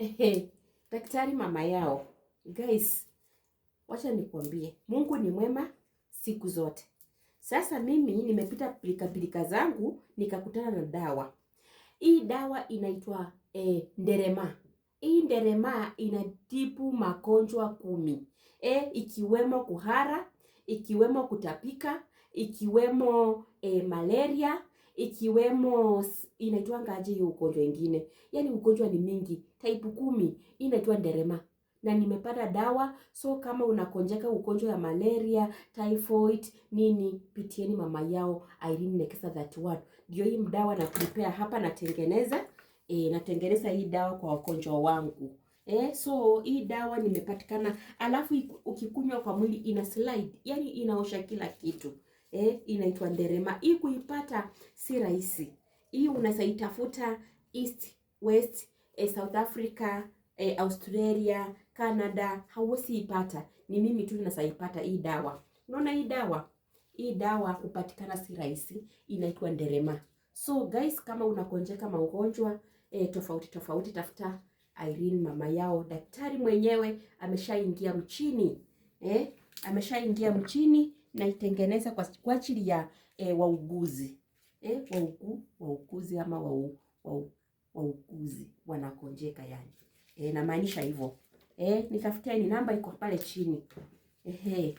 Ehe, daktari mama yao. Guys, wacha nikwambie, Mungu ni mwema siku zote. Sasa mimi nimepita pilikapilika zangu nikakutana na dawa hii. Dawa inaitwa eh, nderema. Hii nderema inatibu magonjwa kumi eh, ikiwemo kuhara, ikiwemo kutapika, ikiwemo eh, malaria ikiwemo inaitwa aje hiyo ugonjwa ingine, yaani ugonjwa ni mingi, type kumi inaitwa nderema na nimepata dawa. So kama unakonjeka ugonjwa ya malaria, typhoid nini, pitieni mama yao Irene Nekesa one. ndio hii dawa na prepare hapa, natengeneza e, natengeneza hii dawa kwa wagonjwa wangu e, so hii dawa nimepatikana, alafu ukikunywa kwa mwili ina slide, yani inaosha kila kitu eh, inaitwa nderema. Hii kuipata si rahisi, hii unasaitafuta itafuta east west, eh, South Africa eh, Australia, Canada, hauwezi ipata. Ni mimi tu nasaipata hii dawa. Unaona hii dawa hii dawa kupatikana si rahisi, inaitwa nderema. So guys, kama unakonjeka maugonjwa eh, tofauti tofauti, tafuta Irene mama yao, daktari mwenyewe ameshaingia mchini eh, ameshaingia mchini naitengeneza kwa, kwa ajili ya e, wauguzi e, waugu, wauguzi ama wau, wau, wauguzi wanakonjeka yani e, namaanisha hivyo e, nitafuteni namba iko pale chini ehe.